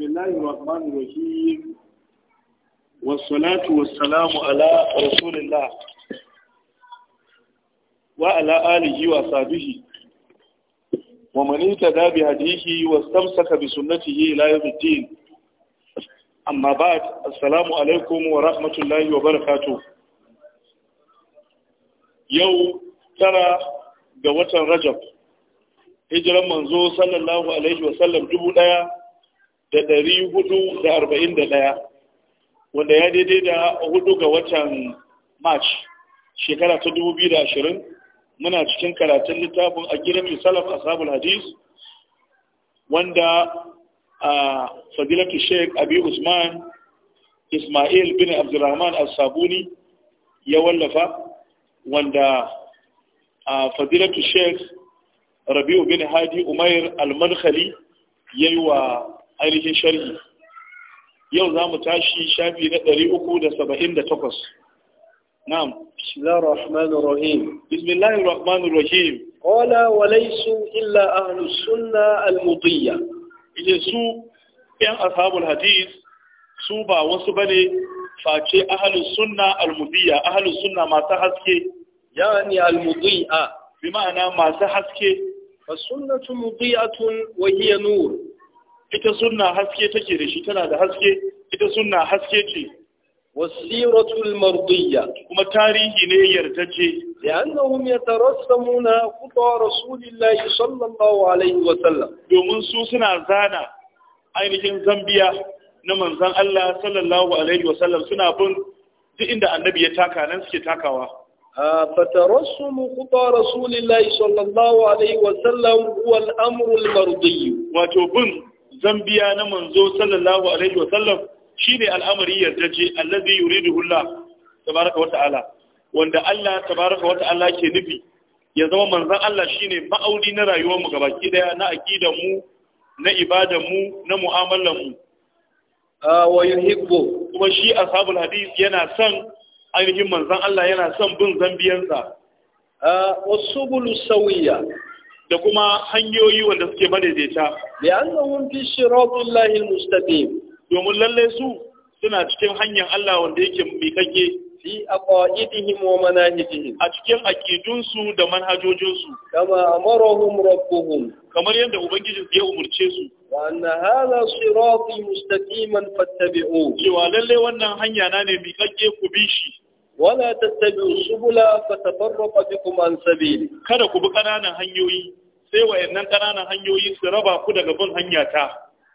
بسم الله الرحمن الرحيم والصلاة والسلام على رسول الله وعلى آله وصحبه ومن اهتدى بهديه واستمسك بسنته إلى يوم الدين أما بعد السلام عليكم ورحمة الله وبركاته يوم ترى ga watan Rajab hijiran manzo sallallahu alaihi wasallam dubu ɗaya da ɗari hudu da arba'in da ɗaya wanda ya daidai da hudu ga watan march shekara ta dubu biyu da ashirin muna cikin karatun littafin a gidan salaf ashabul hadis wanda a fadilatu sheik abi usman ismail bin Abdulrahman al-sabuni ya wallafa wanda a fadilatu sheik rabi'u bin hadi umair al-madkhali yi wa ainihin sharhi yau za mu tashi shafi na ɗari uku da saba'in da takwas na'am bismillahir rahmanir qala wa laysu illa ahlus sunna al mudiyya ije su yan ashabul hadith su ba wasu bane face ahlus sunna al mudiyya ahlus sunna masu haske yani al mudiyya bi ma'ana masu haske fa sunnatu mudiyatun wa hiya nur ita sunna haske take da shi tana da haske ita suna haske ce والسيرة المرضية كما تاريخ نيرتجي لأنهم يترسمون خطى رسول الله صلى الله عليه وسلم يومن سوسنا زانا ainihin zambiya na manzan Allah sallallahu alaihi wasallam suna bin duk inda annabi ya taka nan suke takawa فترسم خطى رسول الله صلى الله عليه وسلم هو الأمر المرضي وتبن zambiya na manzo sallallahu alaihi wa sallam shine al'amari yardaje allazi yuridu Allah tabaraka wa ta'ala wanda Allah tabaraka wa ta'ala ke nufi ya zama manzon Allah shine ma'audi na rayuwar mu gabaki daya na aqidar mu na ibadar mu na mu'amalar mu wa yuhibbu kuma shi ashabul hadith yana son ainihin manzon Allah yana son bin zambiyansa wasubulu sawiya da kuma hanyoyi wanda suke madaidaita li'annahum fi lahil mustafi. domin lalle su suna cikin hanyar Allah wanda yake mikake fi aqaidihim wa manahijihim a cikin aqidunsu da manhajojinsu kama amarahum rabbuhum kamar yadda ubangiji ya umurce su wa anna hadha sirati mustaqiman fattabi'u cewa lalle wannan hanya na ne mikake ku bi shi wala tattabi'u subula fatafarraqa bikum an sabili kada ku bi kananan hanyoyi sai wa wayannan ƙananan hanyoyi su raba ku daga bin hanya ta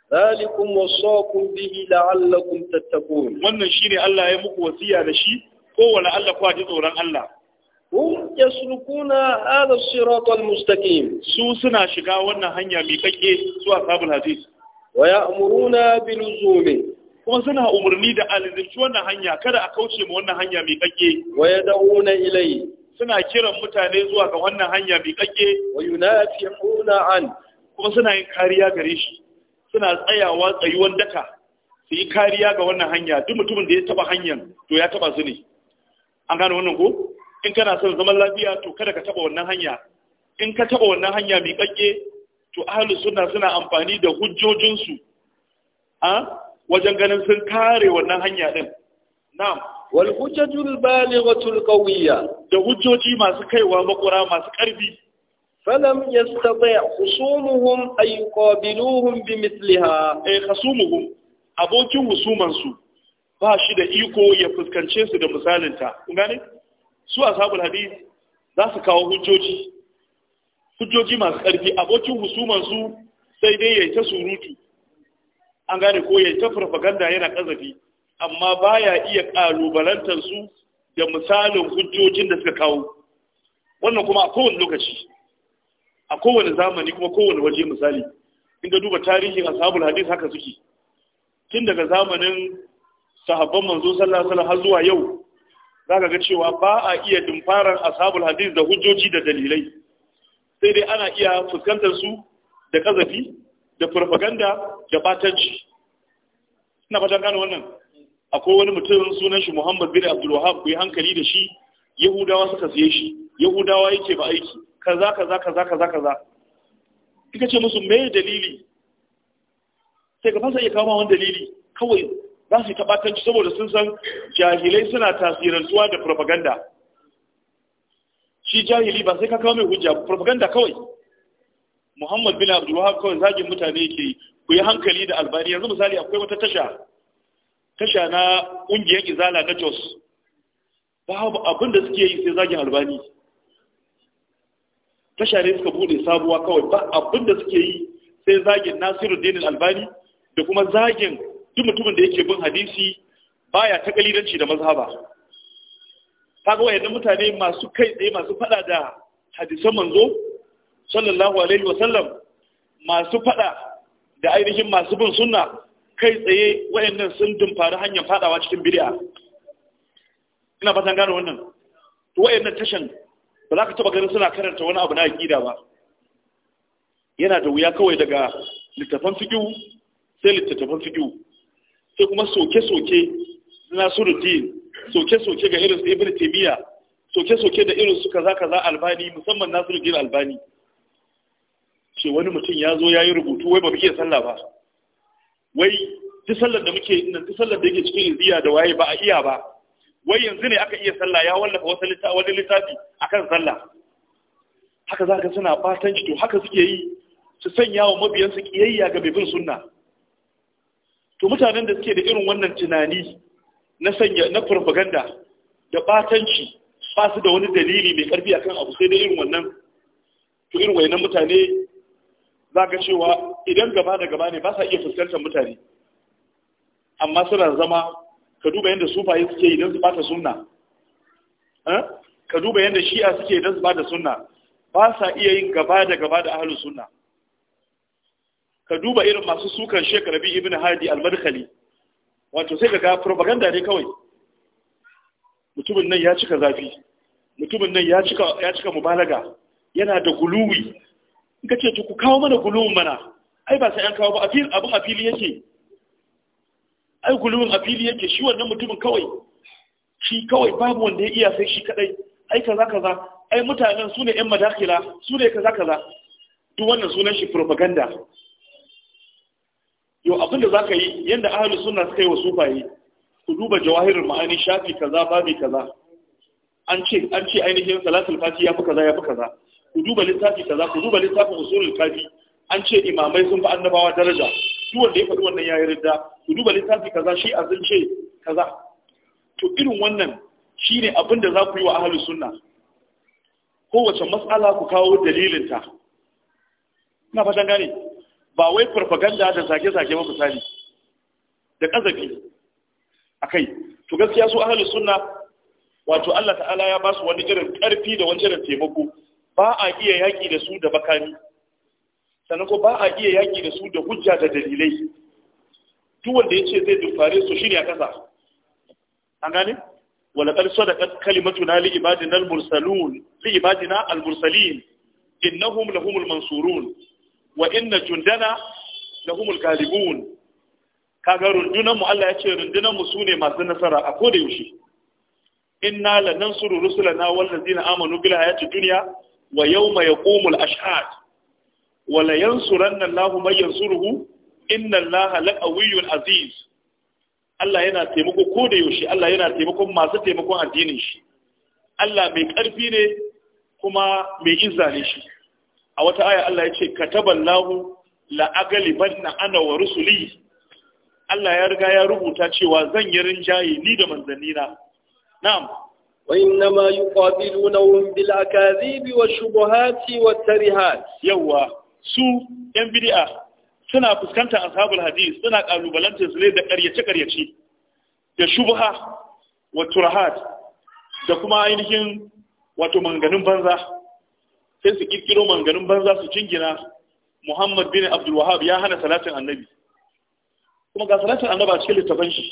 zalikum wasaqu bihi la'allakum tattako. wannan shi ne Allah ya muku wasiya da shi ko Allah ku ji tsoron Allah Kun ya sulukuna as-sirata mustaqim su suna shiga wannan hanya mai kake zuwa sabul hadis wa ya'muruna bil luzumi kuma suna umarni da alizirci wannan hanya kada a kauce ma wannan hanya mai kake wa yad'una ilayhi suna kiran mutane zuwa ga wannan hanya mai kake wa yunafiquna an kuma suna yin kariya gare shi suna tsayawa tsayuwan daka su yi kariya ga wannan hanya duk mutumin da ya taba hanyar to ya taba su ne an gane wannan ko in kana son zaman lafiya to kada ka taba wannan hanya in ka taba wannan hanya mai kake to ahlus sunna suna amfani da hujjojinsu a ah, wajen ganin sun kare wannan hanya din na'am wal hujjatul balighatul qawiyya da hujjoji masu kaiwa makura masu karfi falam yastati' husumuhum ay yuqabiluhum bimithliha ay eh, husumuhum abokin husuman su ba shi da iko ya fuskance su da misalinta kun gane su ashabul hadith za su kawo hujjoji hujjoji masu karfi abokin husuman su sai dai yayi ta surutu an gane ko yayi ta farfaganda yana kazafi amma baya iya ƙalubalantar su da misalin hujjojin da suka kawo wannan kuma a kowane lokaci a kowane zamani kuma kowane waje misali in ga duba tarihin ashabul hadis haka suke tun daga zamanin sahabban manzo sallallahu alaihi har zuwa yau zaka ga cewa ba a iya dumfarar ashabul hadis da hujjoji da dalilai sai dai ana iya fuskantar su da kazafi da farfaganda da batanci ina fatan gane wannan akwai wani mutum sunan shi Muhammad bin Abdul Wahab ku yi hankali da shi Yahudawa suka siye shi Yahudawa yake ba aiki kaza kaza kaza kaza kaza kika ce musu me dalili sai ka fasa ya kawo wani dalili kawai za su tabbatanci saboda sun san jahilai suna tasirantuwa da propaganda shi jahili ba sai ka kawo mai hujja propaganda kawai Muhammad bin Abdul Wahab kawai zagin mutane yake ku yi hankali da albani yanzu misali akwai wata tasha tasha na ƙungiyar izala na jos babu abin da suke yi sai zagin albani tasha ne suka bude sabuwa kawai ba abin suke yi sai zagin nasiru dinin albani da kuma zagin duk mutumin da yake bin hadisi baya ta kalilanci da mazhaba ga wayannan mutane masu kai tsaye masu fada da hadisan manzo sallallahu alaihi wasallam masu fada da ainihin masu bin sunna kai tsaye wayannan sun dumfari hanyar fadawa cikin bid'a ina fatan gane wannan to wayannan tashan ba za ka taba ganin suna karanta wani abu na aqida ba yana da wuya kawai daga littafan fiqhu sai littattafan fiqhu sai kuma soke-soke na suruddin soke-soke ga irin ibn taymiya soke-soke da irin su kaza kaza albani musamman nasiruddin albani ce wani mutum ya zo ya yi rubutu wai ba bi iya sallah ba wai duk sallar da muke nan duk sallar da yake cikin iziya da waye ba a iya ba wai yanzu ne aka iya sallah ya wallafa wasu littafi littafi akan sallah haka za ka suna fatan to haka suke yi su sanya wa mabiyansu kiyayya ga bin sunna to mutanen da suke da irin wannan tunani na sanya na propaganda da batanci ba su da wani dalili mai karfi akan abu sai da irin wannan to irin wayannan mutane za ka cewa idan gaba da gaba ne ba sa iya fuskantar mutane amma suna zama ka duba yadda sufaye suke idan su bata sunna eh? ka duba yadda shi'a suke idan su bata sunna ba sa iya yin gaba da gaba da ahlus sunna ka duba irin masu sukan shekara biyu ibn Hadi al-Madkhali wato sai kaga propaganda ne kawai mutumin nan ya cika zafi mutumin nan ya cika ya cika mubalaga yana da guluwi in ka ce ku kawo mana gulun mana ai ba sai an kawo ba abin a fili yake ai gulun a fili yake shi wannan mutumin kawai shi kawai babu wanda ya iya sai shi kadai ai kaza kaza ai mutanen su ne yan madakila su ne kaza kaza duk wannan sunan shi propaganda yau abin da zaka yi yanda ahli sunna suka yi wa sufaye ku duba jawahirul ma'ani shafi kaza babi kaza an ce an ce ainihin salatul fati ya fi kaza ya fi kaza ku duba littafi kaza ku duba littafin usulul kafi an ce imamai sun fi annabawa daraja duk wanda ya faɗi wannan ya ridda. ku duba littafi kaza shi a ce kaza to irin wannan shine abin da za ku yi wa ahlus sunna kowace matsala ku kawo dalilinta ina fatan gane ba wai farfaganda da zage-zage ba misali da kazafi akai to gaskiya su ahlus sunna wato Allah ta'ala ya ba su wani irin karfi da wani irin taimako ba a iya yaƙi da su da bakani sannan ko ba a iya yaƙi da su da hujja da dalilai duk wanda ya ce zai dufare su shirya ƙasa an gane wala qad sadaqat kalimatuna li ibadina al-mursalun li ibadina al-mursalin innahum al mansurun wa inna jundana al ghalibun kaga rundunan mu Allah ya ce rundunan mu sune masu nasara a koda yaushe inna lanansuru rusulana wallazina amanu bil hayati dunya wa yawma yaqumul ashhad wa la yansuranna Allahu man yansuruhu inna Allaha laqawiyyun aziz Allah yana taimako ko da yaushe Allah yana taimakon masu taimakon addinin shi Allah mai ƙarfi ne kuma mai izza ne shi a wata aya Allah ya ce kataballahu la aghlibanna ana wa rusuli Allah ya riga ya rubuta cewa zan yi rinjaye ni da na. na'am وإنما يقابلونهم بالأكاذيب والشبهات والترهات يوا سو ينبدئ suna fuskantar ashabul hadis suna kalubalantar su ne da karyace-karyace da shubha wa turahat da kuma ainihin wato manganin banza sai su kirkiro manganin banza su cingina muhammad bin abdul wahab ya hana salatin annabi kuma ga salatin annabi a cikin littafin shi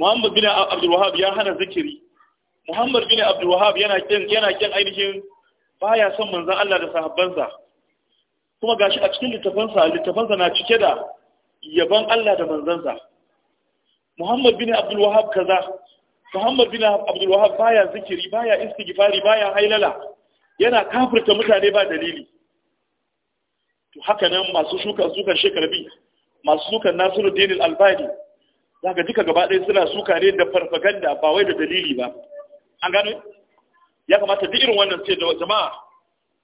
muhammad bin abdul wahab ya hana zikiri Muhammad bin Abdul Wahab yana kin yana kin ainihin baya son manzon Allah da sahabbansa kuma gashi a cikin littafansa littafansa na cike da yaban Allah da manzansa Muhammad bin Abdul Wahab kaza Muhammad bin Abdul Wahab baya zikiri baya istighfari baya hailala yana kafirta mutane ba dalili to haka nan masu shukan sukan shekarbi masu sukan Nasiruddin Al-Albani zaka duka gaba ɗaya suna suka ne da farfaganda ba wai da dalili ba an gano ya kamata duk irin wannan ce da jama'a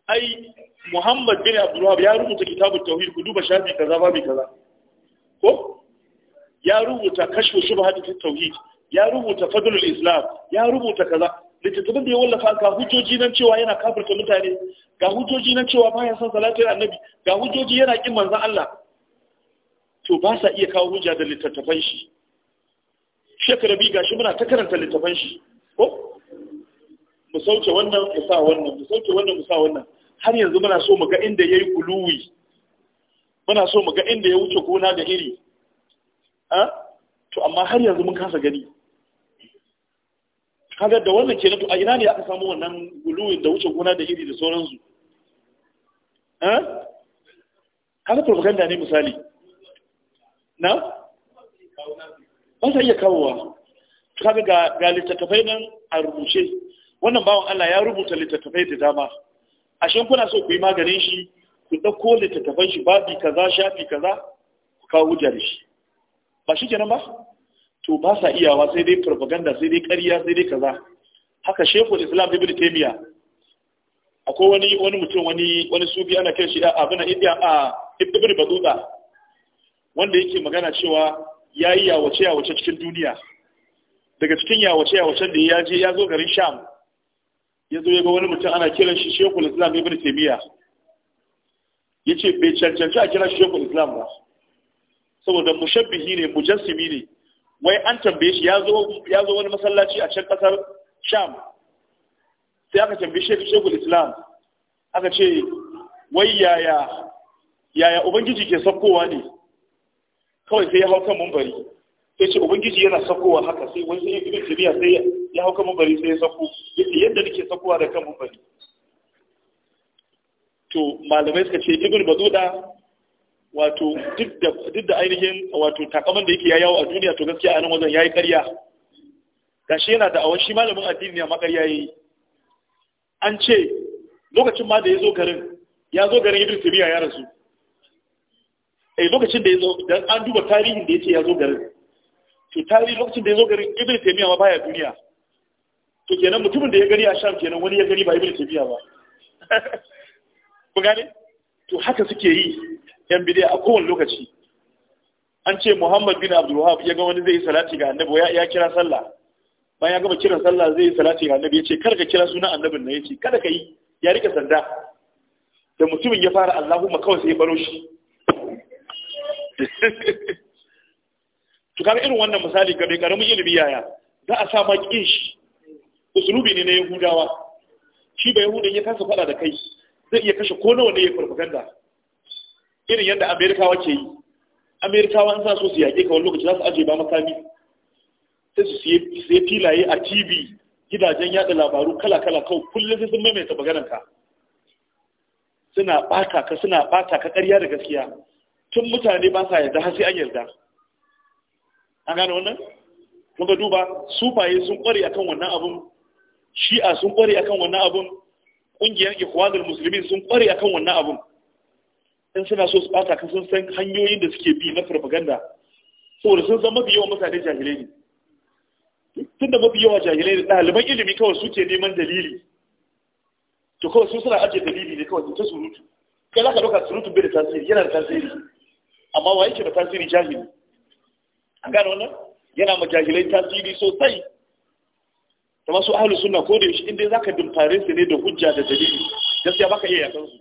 ai Muhammad bin Abdulwahab ya rubuta kitabul tauhid ku duba shafi kaza babu kaza ko ya rubuta kashfu shubhat fi tauhid ya rubuta fadlul islam ya rubuta kaza littattafan da ya wallafa ga hujjoji nan cewa yana kafirta mutane ga hujjoji nan cewa baya son salatin annabi ga hujjoji yana kin manzon Allah to ba sa iya kawo hujja da littattafan shi shekara bi gashi muna ta karanta littattafan shi ko mu sauke wannan mu sa wannan mu sauke wannan mu sa wannan har yanzu muna so mu ga inda yayi kuluwi muna so mu ga inda ya wuce gona da iri a to amma har yanzu mun kasa gani kaga da wannan kenan to a ina ne aka samu wannan guluwin da wuce gona da iri da sauransu a kaga propaganda ne misali na ba ya iya kawowa kaga ga ga littattafai nan a rubuce wannan bawan Allah ya rubuta littattafai da dama ashe kuna so ku yi maganin shi ku ɗauko littattafan shi babi kaza shafi kaza ku kawo hujja da shi ba shi kenan ba to ba sa iyawa sai dai propaganda sai dai ƙarya sai dai kaza haka shekul islam ibn taymiya akwai wani wani mutum wani wani sufi ana kai shi abin a indiya a ibn batuta wanda yake magana cewa yayi yawace yawace cikin duniya daga cikin yawace yawacen da ya je ya zo garin sham ya zo ya ga wani mutum ana kiran shi shekul islam ibn taymiya ya ce bai cancanci a kira shi shekul islam ba saboda mushabbihi ne mujassimi ne wai an tambaye shi ya zo wani masallaci a can kasar sham sai aka tambaye shi shekul islam aka ce wai yaya ubangiji ke saukowa ne kawai sai ya hau kan mumbari Ya ce ubangiji yana sakowa haka sai wani sai ibn tabiya sai ya hauka mubari sai ya sako yace yadda nake sakowa da kan mubari to malamai suka ce ibn bazuda wato duk da ainihin wato takaman da yake ya yawo a duniya to gaskiya a nan wajen yayi ƙarya gashi yana da awon shi malamin addini ya makarya yayi an ce lokacin ma da ya zo garin ya zo garin ibn tabiya ya rasu eh lokacin da ya zo dan an duba tarihin da ce ya zo garin to tari lokacin da ya zo garin ibn taymiya ma baya duniya to kenan mutumin da ya gani a sham kenan wani ya gani ba ibn taymiya ba ku gane to haka suke yi yan bidiya a kowane lokaci an ce muhammad bin abdul wahab ya ga wani zai yi salati ga annabi ya kira sallah bayan ya gama kiran sallah zai yi salati ga annabi ya ce kada ka kira sunan annabin nan ya ce kada ka yi ya rika sanda da mutumin ya fara allahumma kawai sai ya baro shi to irin wannan misali ga bai karamin ilimi yaya za a sa ma kin shi usulubi ne na yahudawa shi ba yahudan ya kasa faɗa da kai zai iya kashe ko nawa ne ya farfaganda irin yadda amerikawa ke yi amerikawa an sa so su yaƙe ka wani lokaci za su ajiye ba makami sai su sai filaye a tv gidajen yada labaru kala-kala kawai kullum sai sun maimaita maganarka suna ɓata ka suna ɓata ka ƙarya da gaskiya tun mutane ba sa yarda har sai an yarda an gane wannan muka duba sufaye sun kware akan wannan abun shi'a sun kware akan wannan abun kungiyar ikhwanul muslimin sun kware akan wannan abun in suna so su bata kan sun san hanyoyin da suke bi na propaganda saboda sun san mafi yawan mutane jahilai ne tun da mafi yawa jahilai ne ɗaliban ilimi kawai suke neman dalili to kawai sun suna ajiye dalili ne kawai ta surutu kai za ka ɗauka surutu bai da tasiri yana da tasiri amma wa yake da tasiri jahili an gano wannan yana majahilai tasiri sosai ta masu ahalu suna ko da shi, inda za ka dimfare su ne da hujja da dalili gaskiya baka iya yakan su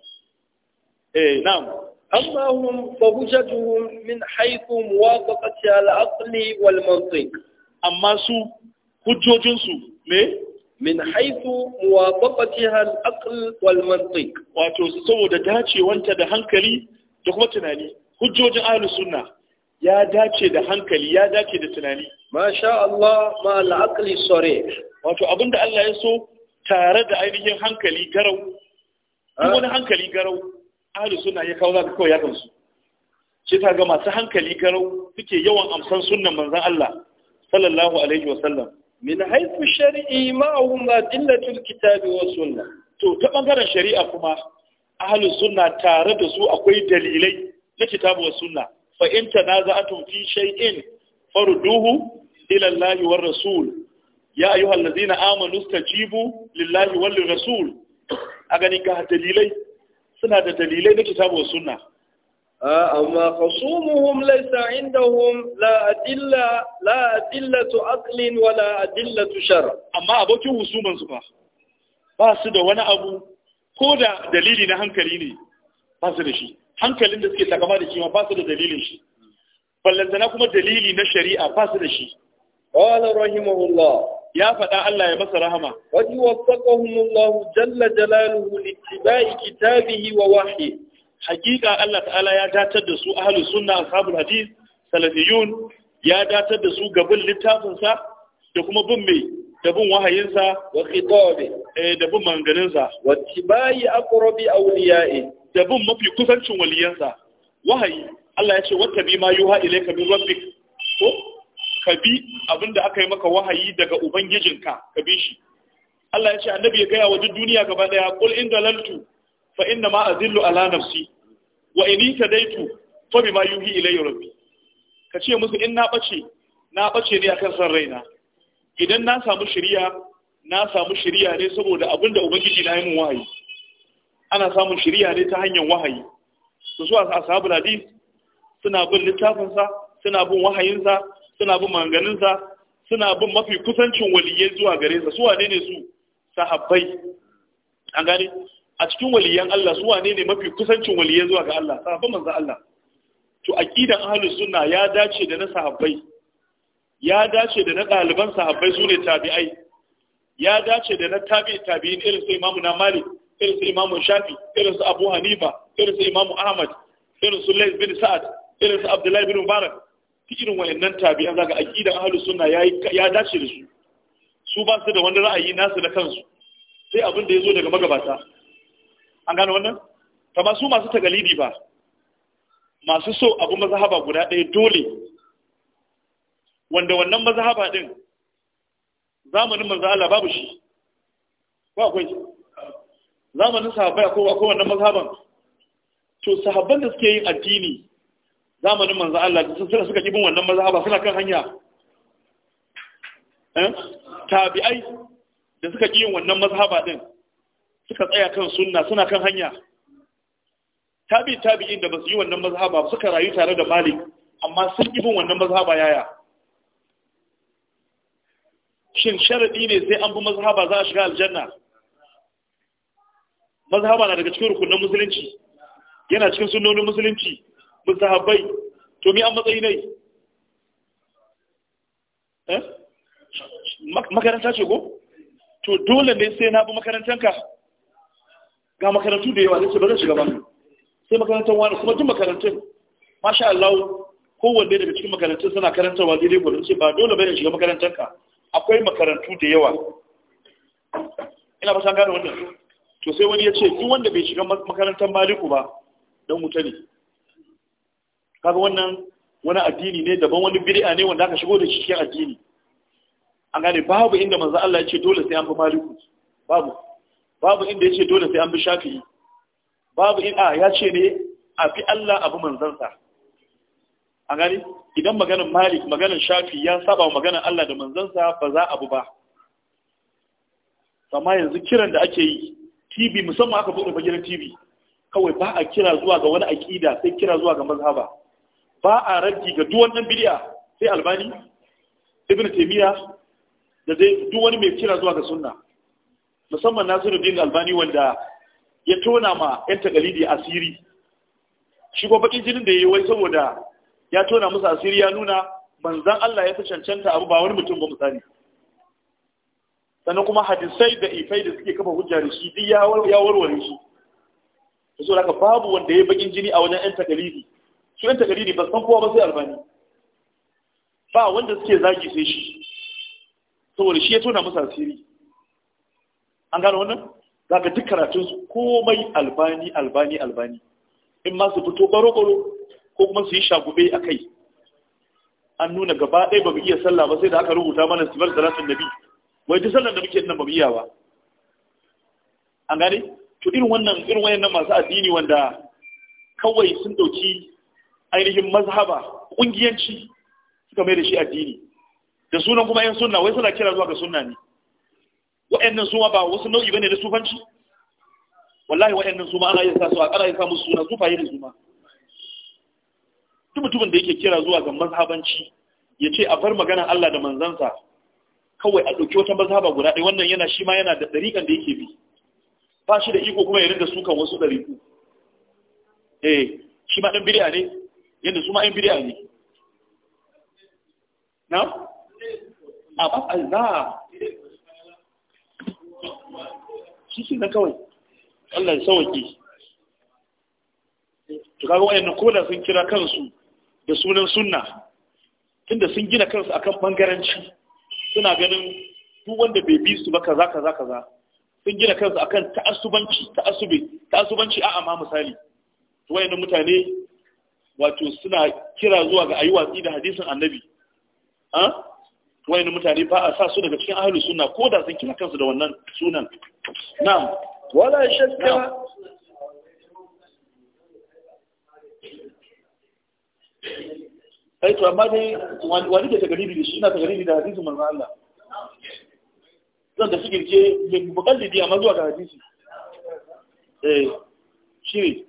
eh na'am amma hum fa hujjatuhum min haythu muwafaqati al-aqli wal mantiq amma su hujjojin su me min haythu muwafaqati al-aql wal mantiq wato saboda dacewanta da hankali da kuma tunani hujjojin ahalu sunna ya dace da hankali ya dace da tunani masha Allah ma al'aqli sore wato abinda Allah ya so tare da ainihin hankali garau ah. wani hankali garau ahli sunna ya kawo zaka kawai ya kansu shi ta ga masu hankali garau suke yawan amsan sunnan manzon Allah sallallahu alaihi wa sallam min haythu shar'i ma'ahum adillatul alkitabi wa sunnah to ta bangaren shari'a kuma ahli sunna tare da su akwai dalilai na kitabu wa sunnah fa in tanaza'atum fi shay'in farduhu ila Allah war rasul ya ayyuhal ladzina amanu stajibu lillahi wal rasul a gani ga dalilai suna da dalilai na kitabu sunna أما خصومهم ليس عندهم لا أدلة لا أدلة عقل ولا أدلة شر أما أبوك خصوما سبا بس ده وانا أبو كودا دليلي hankali كريني ba su da shi hankalin da suke takama da shi ma ba su da dalilin shi ballantana kuma dalili na shari'a ba su da shi qala rahimahullah ya faɗa Allah ya masa rahama qad waffaqahumullahu jalla jalaluhu littiba'i kitabihi wa wahyi hakika Allah ta'ala ya datar da su ahlus sunna ashabul hadith salafiyun ya datar da su gabin littafinsa da kuma bin mai da bin wahayinsa wa khitabi eh da bin manganinsa wa tibai aqrabi awliya'i da bin mafi kusancin waliyansa wahayi Allah ya ce wata bi ma yuha ilayka min rabbik ko ka bi abin da aka yi maka wahayi daga ubangijinka ka bi shi Allah ya ce annabi ya gaya wa duk duniya gaba daya qul in dalaltu fa inna ma azillu ala nafsi wa in tadaitu fa bima yuhi ilayya rabbi ka ce musu in na bace na bace ne akan san raina idan na samu shari'a na samu shari'a ne saboda abinda ubangiji na yi min wahayi ana samun shirya ne ta hanyar wahayi Su su ashabul hadis suna bin littafinsa suna bin wahayinsa suna bin manganinsa suna bin mafi kusancin waliyyai zuwa gare sa su wane ne su sahabbai an gane a cikin waliyan Allah su wane ne mafi kusancin waliyyai zuwa ga Allah sahabban manzo Allah to aqidan ahlus sunna ya dace da na sahabbai ya dace da na ɗaliban sahabbai su ne tabi'ai ya dace da na tabi'i tabi'in irin sai imamu na malik irin su imamu shafi irin su abu hanifa irin su imamu ahmad irin su lais bin sa'ad irin su abdullahi bin mubarak ta irin wayannan tabi'an zaga aqidan ahlus sunna suna ya dace da su su ba su da wani ra'ayi nasu na kansu sai abin da zo daga magabata an gane wannan kama su masu tagalidi ba masu so abu mazahaba guda ɗaya dole wanda wannan mazahaba din zamanin manzo Allah babu shi ba akwai zamanin sahabbai ko wannan mazhaban to sahabban da suke yin addini zamanin manzo Allah sun suka suka kibin wannan mazhaba suna kan hanya eh tabi'ai da suka kiyin wannan mazhaba din suka tsaya kan sunna suna kan hanya tabi tabi'in da basu yi wannan mazhaba suka rayu tare da Malik amma sun kibin wannan mazhaba yaya shin sharadi ne sai an bi mazhaba za a shiga aljanna mazhaba na daga cikin rukunin musulunci yana cikin sunnonin musulunci mazhabai to mi an matsayi nai eh makaranta ce ko to dole ne sai na bi makarantanka ga makarantu da yawa nace ba zan shiga ba sai makarantar wani kuma duk makarantun masha Allah kowanne daga cikin makarantun suna karantarwa daidai gudun ce ba dole bai shiga makarantanka akwai makarantu da yawa ina ba san gane wannan to sai wani ya ce duk wanda bai shiga makarantar maliku ba don wuta ne kaga wannan wani addini ne daban wani bid'a ne wanda aka shigo da shi cikin addini an gane babu inda manzo Allah ya ce dole sai an bi maliku babu babu inda ya ce dole sai an bi shafi'i babu in a ya ce ne a fi Allah abu manzansa a gani idan maganin malik maganin shafi ya saba maganin Allah da manzansa ba za abu ba amma yanzu kiran da ake yi tv musamman aka buɗe fagen tv kawai ba a kira zuwa ga wani aƙida sai kira zuwa ga mazhaba ba a raddi ga duk wannan bidiya sai albani ibn taymiya da dai duk wani mai kira zuwa ga sunna musamman nasiruddin albani wanda ya tona ma yan takalidi asiri shi ko bakin jinin da yayi wai saboda ya tona musu asiri ya nuna manzon Allah ya fi cancanta abu ba wani mutum ba misali sannan kuma hadisai da ifai da suke kafa hujja da shi duk ya warware shi to so haka babu wanda ya bakin jini a wajen ɗan takalidi su ɗan takalidi ba san kowa ba sai albani ba wanda suke zagi sai shi saboda shi ya tona musu asiri an gano wannan zaka duk karatun su komai albani albani albani in ma su fito baro-baro ko kuma su yi shagube a kai an nuna gaba ɗaya ba mu iya sallah ba sai da aka rubuta mana sibar da nabi wai duk sallar da muke nan ba biya ba an gane to irin wannan irin wannan masu addini wanda kawai sun dauki ainihin mazhaba kungiyanci suka mai da shi addini da sunan kuma yan sunna wai suna kira zuwa ga sunna ne wa'annan su ma ba wasu nau'i bane na sufanci wallahi wa'annan su ma ana yin sa su a kara yin sa musu suna su da su ma duk mutumin da yake kira zuwa ga mazhabanci ya ce a bar maganar Allah da manzansa kawai a ɗauki wata mazhaba guda ɗaya wannan yana shi ma yana da ɗariƙan da yake bi ba shi da iko kuma ya rinda sukan wasu ɗariƙu eh shi ma ɗan bidiya ne yadda su ma ɗan bidiya ne na? a ba a za shi shi na kawai Allah ya sawaki to kaga ko koda sun kira kansu da sunan sunna tunda sun gina kansu akan bangaranci suna ganin duk wanda bai bi su ba kaza kaza kaza sun gina kansu akan ta'assubanci ta'assubi ta'assubanci a'a ma misali to wayannan mutane wato suna kira zuwa ga ayi watsi da hadisin annabi a wayannan mutane ba a sa su daga cikin ahlus sunna ko da sun kira kansu da wannan sunan na'am wala shakka kai eh, to amma dai wani ke tagaribi da shi ina tagaribi da hadisi manzo Allah zan da shi je me bukalli di amma zuwa da hadisi eh shi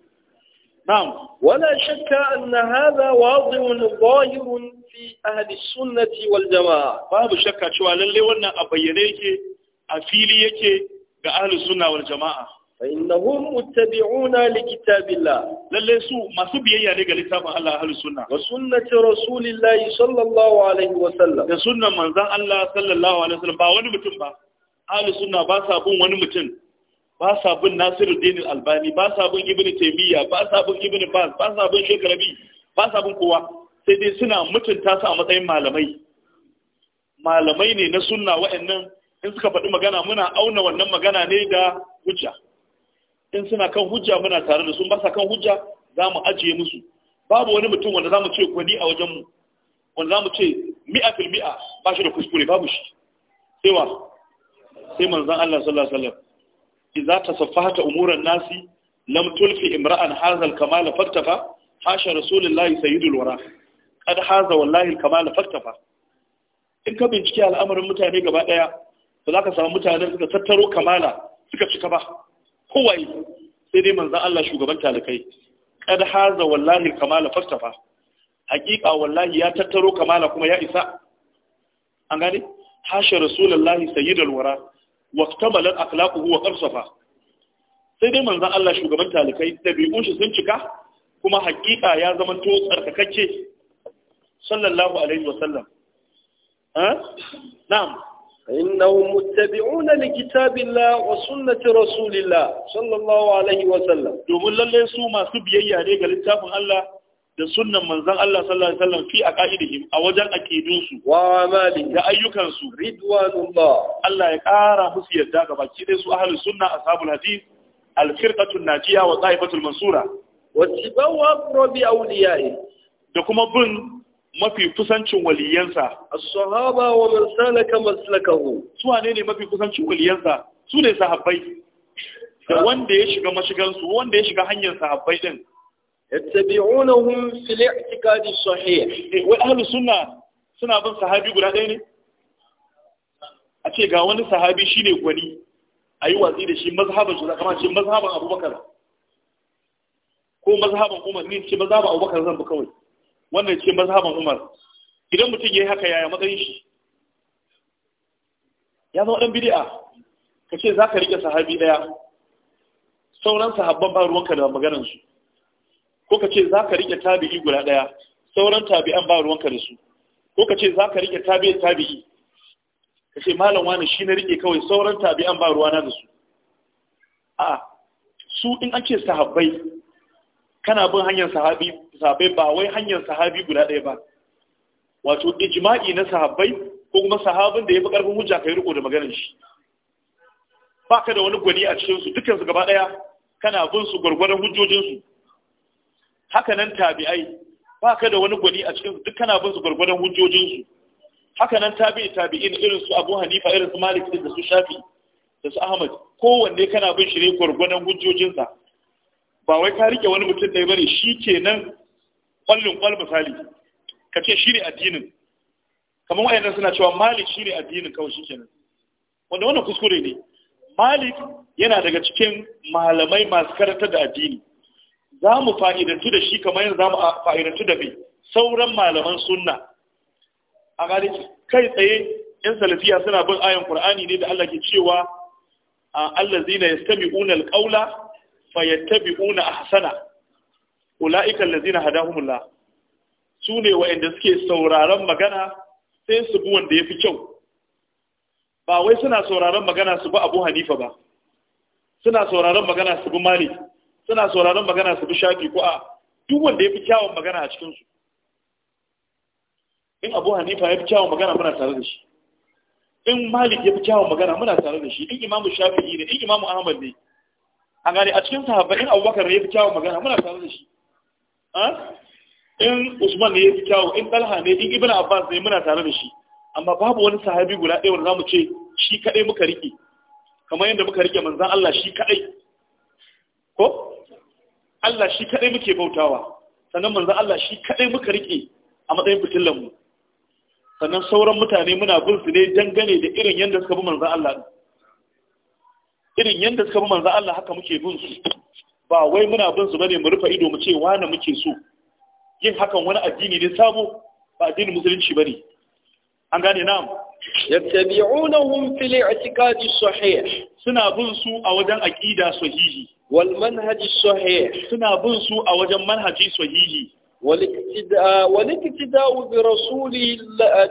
na'am Wana shakka wa anna hadha wadhi'un zahirun fi ahli sunnati wal jamaa babu shakka cewa lalle wannan a bayyane yake a fili yake ga ahli sunna wal jamaa fa innahum muttabi'una li kitabillah lalle su masu biyayya ne ga littafin Allah ahlus sunna wa sunnati rasulillah sallallahu alaihi wa sallam da sunnan manzon Allah sallallahu alaihi wa sallam ba wani mutum ba ahlus sunna ba sa wani mutum ba sa bin Nasiruddin Albani ba sa Ibn Taymiyyah ba sa Ibn Baz ba sa bin ba sa bin sai dai suna mutunta su a matsayin malamai malamai ne na sunna wa'annan in suka faɗi magana muna auna wannan magana ne da hujja in suna kan hujja muna tare da su ba sa kan hujja za mu ajiye musu babu wani mutum wanda za mu ce kwani a wajenmu wanda za mu ce mi'a fil mi'a ba shi da kuskure babu shi sai wa sai manzon Allah sallallahu alaihi wasallam idza tasaffahat umuran nasi lam tulfi imra'an hadha al-kamala faktafa hasha rasulullahi sayyidul wara qad hadha wallahi al-kamala faktafa in ka bincike al'amarin mutane gaba daya ba za ka samu mutanen suka tattaro kamala suka cika ba kowai sai dai manzan Allah shugaban talakai ƙad haza wallahi kamala fastafa hakika wallahi ya tattaro kamala kuma ya isa an gane hasha rasulullahi sayyidul wara waqtamala akhlaquhu wa qarsafa sai dai manzan Allah shugaban talikai dabi'un shi sun cika kuma hakika ya zama to tsarkakacce sallallahu alaihi wasallam eh na'am فإنهم متبعون لكتاب الله وسنة رسول الله صلى الله عليه وسلم دومن lalle su masu biyayya ne ga littafin Allah da sunnan manzon Allah sallallahu alaihi wasallam fi aqaidihim a wajen aqidun su wa amali da ayyukan su ridwanullah Allah ya kara musu yadda ga baki dai su ahlus sunna ashabul hadith al-firqatu najiya wa ta'ifatul mansura wa tibawa rabbi awliya'i da kuma bin mafi kusancin waliyansa as-sahaba wa man salaka maslakahu su wane ne mafi kusancin waliyansa su ne sahabbai da wanda ya shiga mashigan su wanda ya shiga hanyar sahabbai din yattabi'unahum fil i'tiqadi sahih eh, wa ahli sunna suna bin sahabi guda ɗaya ne a ce ga wani sahabi shine gwani ayi watsi da shi mazhaban shi kamar ce mazhaban Abubakar ko mazhaban Umar ne ce mazhaban Abubakar zan bi kawai wannan ce mazhaban Umar idan mutum yayi haka yaya matsayin shi ya zama dan bid'a kace zaka rike sahabi daya sauran sahabban ba ruwanka da maganar su ko kace zaka rike tabi'i guda daya sauran tabi'an ba ruwanka da su ko kace zaka rike tabi'i tabi'i kace malam wani shi na rike kawai sauran tabi'an ba ruwana da su a su in an ce sahabbai kana bin hanyar sahabi sahabai ba wai hanyar sahabi guda ɗaya ba wato ijma'i na sahabbai ko kuma sahabin da ya fi ƙarfin hujja yi riko da maganar shi ba ka da wani gwani a cikin su dukkan su gaba ɗaya kana bin su gwargwadon hujjojin su haka nan tabi'ai ba ka da wani gwani a cikin su duk kana bin su gwargwadon hujjojin su haka nan tabi'i tabi'in irin su Abu Hanifa irin su Malik da su Shafi da su Ahmad kowanne kana bin shi ne gwargwadon hujjojinsa ba wai ka rike wani mutum ɗaya bane shi kenan kwallon kwal misali ka ce shi ne addinin kamar wayannan suna cewa malik shi ne addinin kawai shi kenan wanda wannan kuskure ne malik yana daga cikin malamai masu karantar da addini za mu fa'idantu da shi kamar yadda za mu fa'idantu da bi sauran malaman sunna a gane kai tsaye yan salafiya suna bin ayan qur'ani ne da Allah ke cewa allazina yastami'una alqawla fayattabi'una ahsana ula'ika allazina hadahumullah sune ne suke sauraron magana sai su bi wanda yafi kyau ba wai suna sauraron magana su bi Abu Hanifa ba suna sauraron magana su bi Malik suna sauraron magana su bi Shafi ko a duk wanda yafi kyawun magana a cikin su in Abu Hanifa yafi kyawun magana muna tare da shi in Malik yafi kyawun magana muna tare da shi in Imam Shafi ne in Imam Ahmad ne a gane a cikin sahabbai in abubakar ne ya fi kyawun magana muna tare da shi in usman ne ya fi kyawun in talha ne in ibn abbas ne muna tare da shi amma babu wani sahabi guda ɗaya wanda za mu ce shi kaɗai muka riƙe kamar yadda muka riƙe manzan Allah shi kaɗai ko Allah shi kaɗai muke bautawa sannan manzan Allah shi kaɗai muka riƙe a matsayin fitilan mu sannan sauran mutane muna bin su ne dangane da irin yadda suka bi manzan Allah irin yadda suka bi manzo Allah haka muke bin su ba wai muna bin su bane mu rufe ido mu ce wani muke so yin hakan wani addini ne sabo ba addinin musulunci bane an gane na'am yattabi'unahum fil i'tiqad sahih suna bin su a wajen aqida sahihi wal manhaj sahih suna bin su a wajen manhaji sahihi والاقتداء برسوله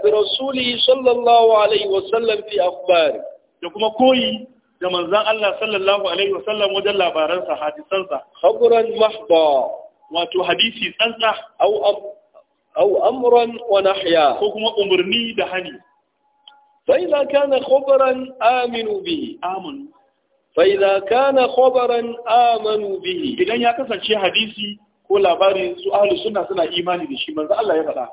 برسوله صلى الله عليه وسلم في أخباره da kuma koyi da manzan Allah sallallahu alaihi wasallam wajen labaransa hadisansa khabran mahda wato hadisi tsantsa au amuran amran wa ko kuma umarni da hani fa idza kana khabran aminu bi amun fa idza kana khabran amanu bi idan ya kasance hadisi ko labarin su ahlus sunna suna imani da shi manzo Allah ya faɗa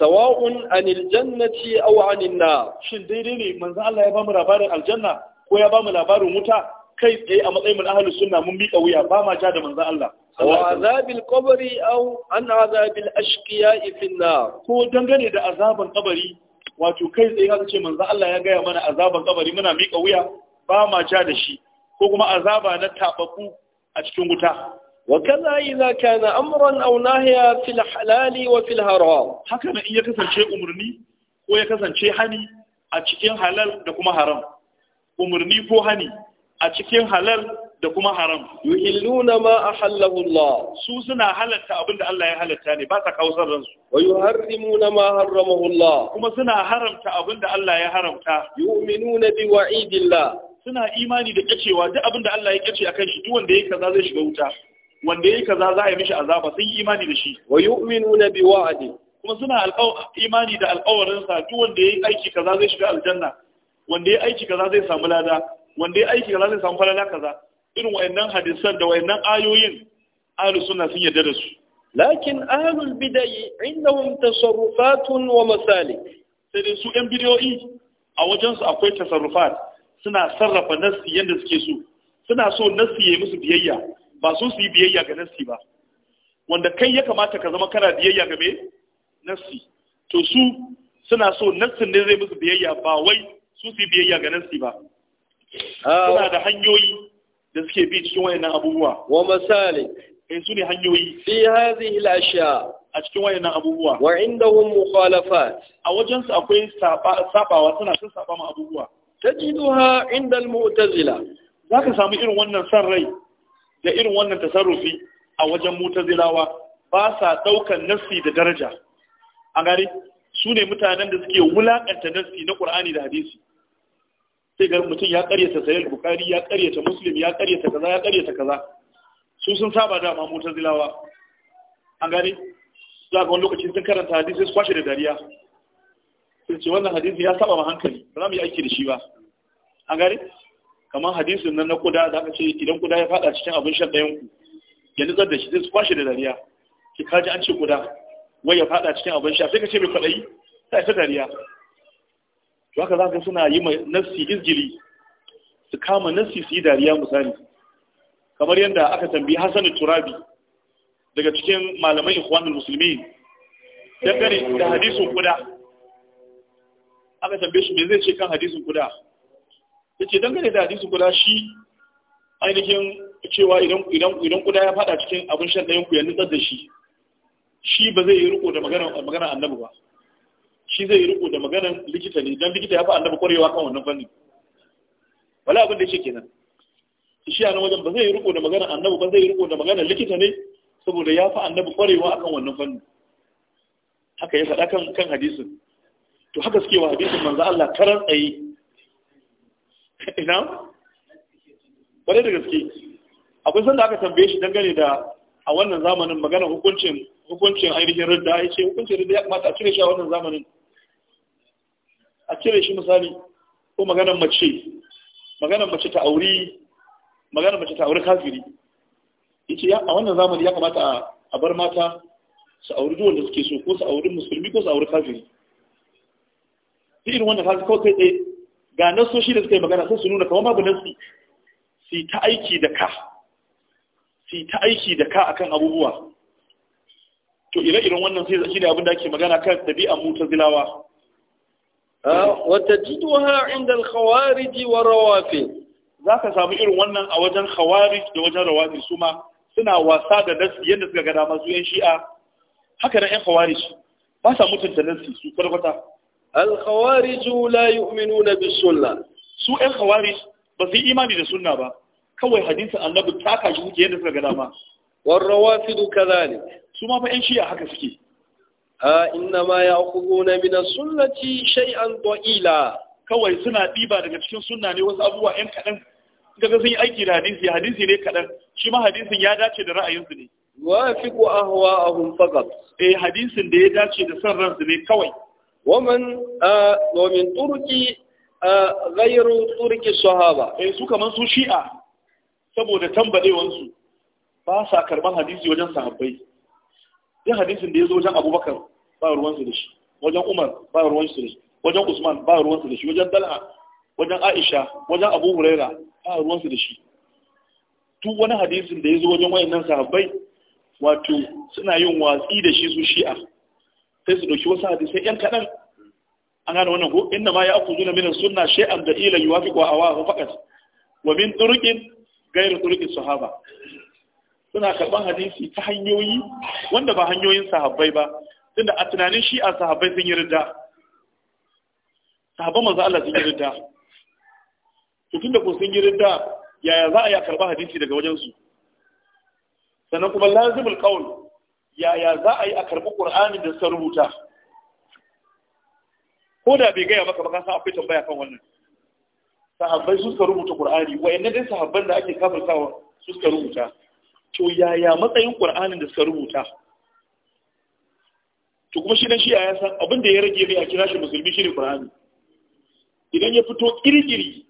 sawa'un anil jannati aw anin nar shin daidai ne manzo Allah ya ba labarin aljanna ko ya bamu labarin wuta kai tsaye a matsayin mun ahlus sunna mun miƙa wuya ba ma ja da manzon Allah wa azabil qabri aw an azabil ashqiya fi nar ko dangane da azaban kabari wato kai tsaye haka ce manzon Allah ya gaya mana azaban kabari muna miƙa wuya ba ma ja da shi ko kuma azaba na tababu a cikin wuta وكذا إذا كان أمرا أو نهيا Haka الحلال in ya kasance إن ko ya kasance hani a cikin halal da kuma haram. umarni ko hani a cikin halal da kuma haram yuhilluna ma ahallahu Allah su suna halatta abinda Allah ya halatta ne ba sa kawo san ransu wa yuharrimuna ma harramahu Allah kuma suna haramta abinda Allah ya haramta yu'minuna bi wa'idillah suna imani da kacewa duk abinda Allah ya kace akan shi duk wanda yake kaza zai shiga wuta wanda yake kaza za a yi mishi azaba sun yi imani da shi wa yu'minuna bi wa'di kuma suna imani da alƙawarin sa duk wanda yake aiki kaza zai shiga aljanna wanda ya aiki kaza zai samu lada wanda ya aiki kaza zai samu falala kaza irin wayannan hadisan da wayannan ayoyin ahlu sunna sun yarda da su lakin ahlul bidai indahum tasarrufatun wa masalik sai dai su yan bidiyoyi a wajen su akwai tasarrufat suna sarrafa nassi yanda suke so suna so nassi yayi musu biyayya ba su su yi biyayya ga nassi ba wanda kai ya kamata ka zama kana biyayya ga me nassi to su suna so nassin ne zai musu biyayya ba wai su su biyayya ga nasi ba suna da hanyoyi da suke bi cikin wayannan abubuwa wa misali in eh, su ne hanyoyi fi hadhihi al-ashya a cikin wayannan abubuwa wa indahum mukhalafat a wajen su akwai sabawa suna sun saba ma abubuwa tajiduha inda al-mu'tazila zaka samu irin wannan san rai da irin wannan tasarrufi a wajen mutazilawa ba sa daukan nasi da daraja a gari su ne mutanen da suke wulakanta nassi na qur'ani da hadisi sai ga mutum ya karyata sahih bukhari ya karyata muslim ya karyata kaza ya karyata kaza su sun saba da ma zilawa an gane za ga wani lokaci sun karanta hadisi su kwashe da dariya sun ce wannan hadisi ya saba ma hankali ba za mu yi aiki da shi ba an gane kamar hadisin nan na kuda za ka ce idan kuda ya fada cikin abin shan ɗayan ku ya nutsar da shi sai su kwashe da dariya ki kaji an ce kuda wai ya fada cikin abin sha sai ka ce mai kwaɗayi sai ta dariya to haka za ka suna yi mai nafsi izgili su kama nafsi su yi dariya misali kamar yadda aka tambayi Hassan Turabi daga cikin malamai ikhwanul muslimin dangane da hadisin kuda aka tambaye shi me zai ce kan hadisin kuda yace dangane da hadisin kuda shi ainihin cewa idan idan idan kuda ya fada cikin abin shan dayan ku ya nutsar da shi shi ba zai yi riko da magana magana annabi ba shi zai riko da maganar likita ne don likita ya fi annabi kwarewa kan wannan fannin wala abin da yake kenan shi a wajen ba zai riko da maganar annabi ba zai riko da maganar likita ne saboda ya fi annabi kwarewa akan wannan fannin haka ya faɗa kan kan hadisin to haka suke wa hadisin manzo Allah karan tsaye ina kwarai da gaske akwai sanda aka tambaye shi dangane da a wannan zamanin maganar hukuncin hukuncin ainihin rida ya ce hukuncin rida ya kamata a cire shi a wannan zamanin a cire shi misali ko maganar mace maganar mace ta auri maganar mace ta auri kafiri ce a wannan zamanin ya kamata a bar mata su auri duk wanda suke so ko su auri musulmi ko su auri kafiri duk irin wannan kawai kai tsaye ga nasoshi da suka yi magana sai su nuna kawai babu nasi su ta aiki da ka su ta aiki da ka akan abubuwa to ire irin wannan sai shi ne abin da ake magana kan ɗabi'an mutazilawa ah, wata jiduwa inda alkhawariji wa rawafi za ka samu irin wannan a wajen khawarij da wajen rawafi su ma suna wasa da nasi yadda suka gada masu yan shi'a haka na yan khawarij ba sa mutunta nasi su kwata alkhawarij la yu'minuna bis sunna su yan khawarij ba su yi imani da sunna ba kawai hadisin annabi ta kashi muke yadda suka gada ma والروافد كذلك su ma fa yan shiya haka suke a inna ma na bi na sunnaci shay'an da'ila kawai suna ɗiba daga cikin sunna ne wasu abubuwa yan kaɗan daga sun yi aiki da hadisi hadisi ne kaɗan. shi ma hadisin ya dace da ra'ayinsu ne a hun fagab eh hadisin da ya dace da son ransu ne kawai waman a Domin turki gairu turki sahaba eh su kaman su shi'a saboda tambadewan ba sa karɓar hadisi wajen sahabbai duk hadisin da ya zo wajen abubakar ba ruwansu da shi wajen umar ba ruwansu da shi wajen usman ba ruwansu da shi wajen dal'a wajen aisha wajen abu huraira ba ruwansu da shi tu wani hadisin da ya zo wajen wayannan sahabbai wato suna yin watsi da shi su shi'a sai su dauki wasu hadisai yan kaɗan an gane wannan ko inna ma ya aku zuna minin sunna shi'an da ila yuwafiqu awa faqat wa min turkin ghayr turkin sahaba suna karban hadisi ta hanyoyi wanda ba hanyoyin sahabbai ba tunda a tunanin shi a sahabbai sun yi ridda sahabban manzo Allah sun yi ridda to tunda ko sun yi ridda yaya za a ya karba hadisi daga wajen su sannan kuma lazimul qaul yaya za a yi a karbi qur'ani da sa rubuta ko da bai gaya maka ba ka san akwai tambaya kan wannan sahabbai su sa rubuta qur'ani wayannan din sahabban da ake kafirtawa su suka rubuta to yaya matsayin ƙur'anin da suka rubuta to kuma shi dan shi ya san abin da ya rage mai a kira shi musulmi shi ne ƙur'ani idan ya fito ƙirƙiri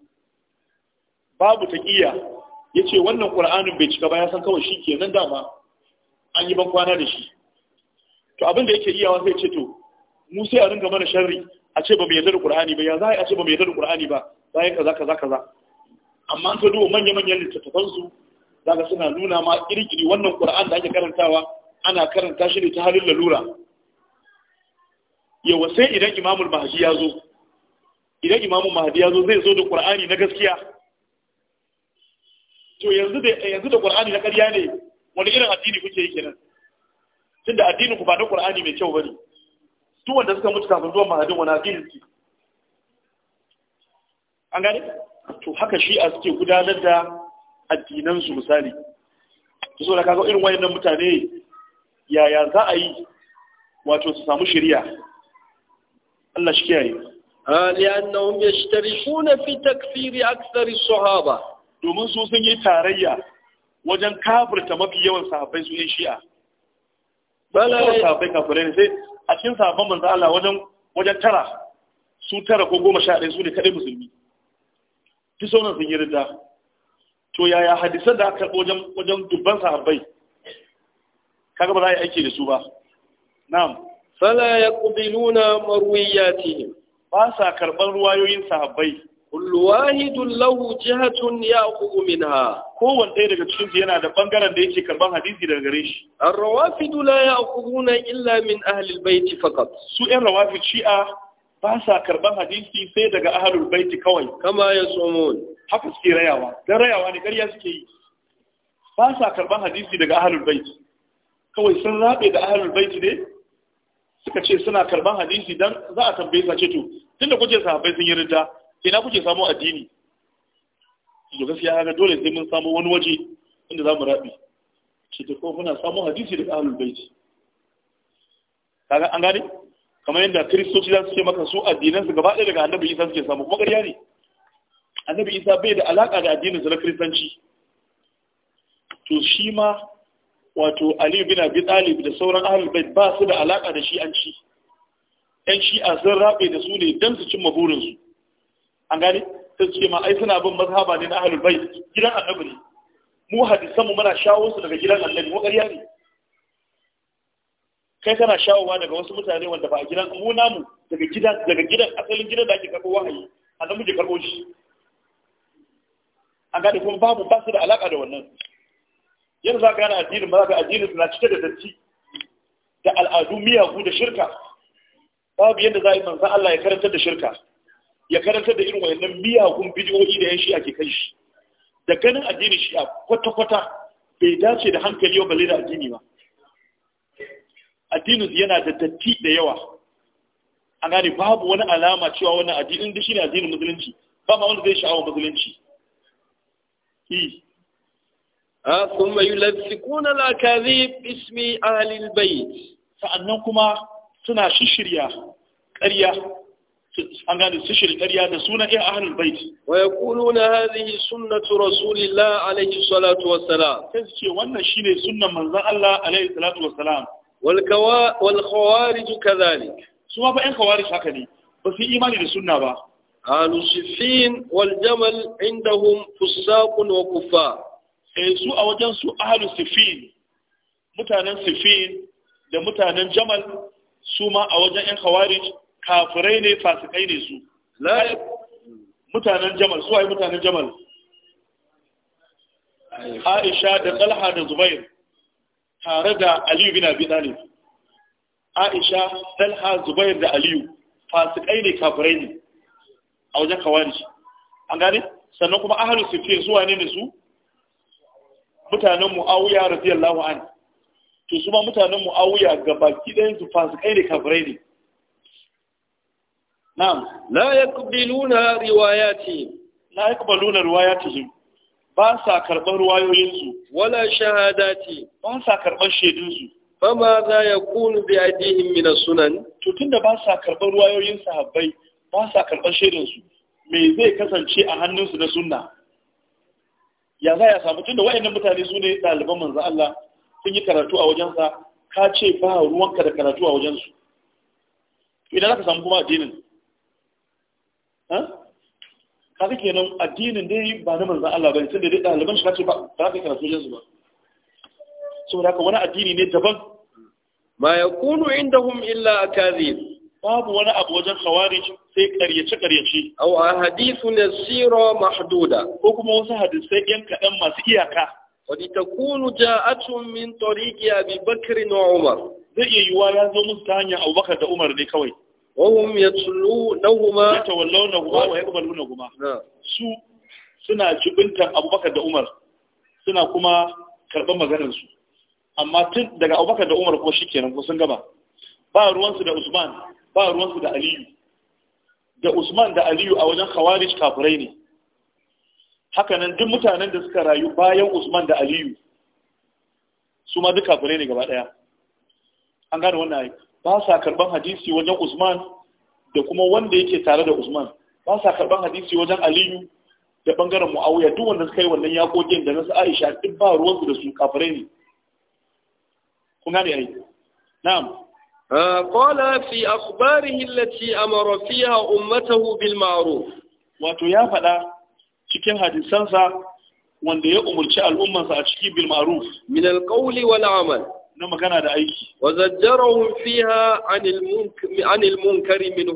babu ta ƙiya ya ce wannan ƙur'anin bai cika ba ya san kawai shi ke nan dama an yi ban kwana da shi to abin da yake iyawa sai ce to mu sai a ringa mana sharri a ce ba mu yadda da ƙur'ani ba ya za a ce ba mu yadda da ƙur'ani ba bayan kaza kaza kaza amma an ta duba manya-manyan littattafansu zaka suna nuna ma kirkiri wannan Qur'an da ake karantawa ana karanta shi ne ta halin lalura yawa sai idan Imamul Mahdi ya zo idan Imamul Mahdi ya zo zai zo da Qur'ani na gaskiya to yanzu da yanzu da Qur'ani na ƙarya ne wani irin addini kuke yi kenan tunda addinin ku ba na Qur'ani mai kyau bane duk wanda suka mutu kafin zuwan mahadin wani addinin su an gane to haka shi a suke gudanar da addinansu misali su so da kaga irin wayannan mutane yaya za a yi wato su samu shari'a Allah shi kiyaye لأنهم fi في تكفير أكثر الصحابة domin su sun yi tarayya wajen kafirta mafi yawan sahabbai su yin shi'a bala sahabbai kafirai ne sai a cikin sahabban manzo Allah wajen wajen tara su tara ko goma sha ɗaya su ne kaɗai musulmi duk sauran sun yi ridda to yaya hadisan da aka karɓo wajen wajen dubban sahabbai kaga ba za a yi aiki da su ba na'am fala yaqbiluna marwiyatihim ba sa karɓar ruwayoyin sahabbai kullu wahidun lahu jihatun ya'khudhu minha kowanne ɗaya daga cikin yana da bangaren da yake karban hadisi daga gare shi ar-rawafidu la ya'khuduna illa min ahli al-bayt faqat su ɗan rawafid shi'a ba sa karban hadisi sai daga ahalul baiti kawai kama ya tsomun haka suke rayawa dan rayawa ne ƙarya suke yi ba sa karban hadisi daga ahalul baiti kawai sun rabe da ahalul baiti ne suka ce suna karban hadisi dan za a tambaye sa ce to tunda kuke sahabbai sun yi ridda ina kuke samu addini to gaskiya ga dole sai mun samu wani waje inda za mu rabe ce to ko muna samu hadisi daga ahalul baiti kaga an gane kamar yadda kiristoci za su ce maka su addinansu gaba ɗaya daga annabi isa suke samu kuma ƙarya ne annabi isa bai da alaƙa da addininsa na kiristanci to shi ma wato aliyu bin abi talib da sauran ahlul bait ba su da alaƙa da shi an ci. yan shi'a sun rabe da su ne don su cimma burinsu an gane ta ce ma ai suna bin mazhaba ne na ahlul bait gidan annabi ne mu hadisanmu mu muna shawo su daga gidan annabi mu ƙarya ne kai kana shawarwa daga wasu mutane wanda ba a gidan mu namu daga gidan daga gidan asalin gidan da ake karɓo wahayi a zan muke karɓo shi an gane kuma babu ba su da alaƙa da wannan yanzu za ka gane addinin ba za ka addinin suna cike da datti da al'adu miyagu da shirka babu yadda za a yi manzan Allah ya karantar da shirka ya karantar da irin wayannan miyagun bidiyoyi da yan shi ake kai shi da ganin addinin shi a kwata-kwata bai dace da hankali yau balle da addini ba addinin yana da datti da yawa an gane babu wani alama cewa wani addinin da shi ne addinin musulunci ba ma wanda zai sha'awa musulunci a kuma yulafikuna la kadhib ismi ahli albayt sa'annan kuma suna shishirya ƙarya an gane su shirya ƙarya da sunan iya ahalul bait wa yaquluna hadhihi sunnatu rasulillah alayhi salatu wassalam sai su ce wannan shine sunnan manzon Allah alayhi salatu wassalam wal khawarij kadhalik su ma fa ɗan khawarij haka ne ba su imani da sunna ba ahlu sifin wal jamal indahum fusaqun wa kuffar eh a wajen su ahlu sifin mutanen sifin da mutanen jamal su ma a wajen ɗan khawarij kafirai ne fasikai ne su su ai mutanen jamal Aisha da Talha da Zubair tare da aliyu bin abi talib aisha talha zubair da aliyu fasikai ne kafirai ne a wajen kawari an gane sannan kuma ahlus sifir zuwa ne ne su mutanen mu'awiya radiyallahu an to su ma mutanen mu'awiya ga baki ɗayan su fasikai ne kafirai ne na'am la yaqbiluna riwayati la yaqbaluna riwayatihim ba sa karɓar wayoyinsu wala shahadati ba sa karɓar shaidunsu fama za ya kunu bi aidihim min sunan to tunda ba sa karɓar wayoyin sahabbai ba sa karɓar shaidunsu me zai kasance a hannunsu na sunna ya za ya samu tunda wayannan mutane su ne ɗaliban manzo Allah sun yi karatu a wajensa ka ce ba ruwanka da karatu a wajensu idan aka samu kuma addinin ha kaga kenan addinin dai ba na manzan Allah bane tunda dai ɗaliban shi kace ba ba ka karatu yanzu ba saboda haka wani addini ne daban ma yakunu indahum illa akazib babu wani abu wajen khawarij sai ƙaryace ƙaryace aw ahadithu nasira mahduda ko kuma wasu hadisai yan kaɗan masu iyaka wani takunu ja'atun min tariqi abi bakr wa umar zai iya wa ya zo musu ta hanyar abubakar da umar ne kawai wahum yatlunahuma yatawallawnahuma wa yaqbalunahuma su suna jibintan Abubakar da Umar suna kuma karban maganar su amma tun daga Abubakar da Umar kuma shikenan ko sun gama. ba ruwansu da Usman ba ruwansu da Aliyu da Usman da Aliyu a wajen Khawarij kafirai ne hakanan duk mutanen da suka rayu bayan Usman da Aliyu su ma duk kafirai ne gaba daya an gane wannan aiki ba sa karban hadisi wajen Usman da kuma wanda yake tare da Usman ba sa karban hadisi wajen Aliyu da bangaren Muawiya duk wanda suka yi wannan yakokin da nasu Aisha duk ba ruwan su da su kafare ne kun gane ai na'am qala fi akhbarihi allati amara fiha ummatahu bil ma'ruf wato ya faɗa cikin hadisansa wanda ya umurci al'ummansa a cikin bil ma'ruf min al qawli wal amal na magana da aiki wa zajjarahum fiha anil munkari anil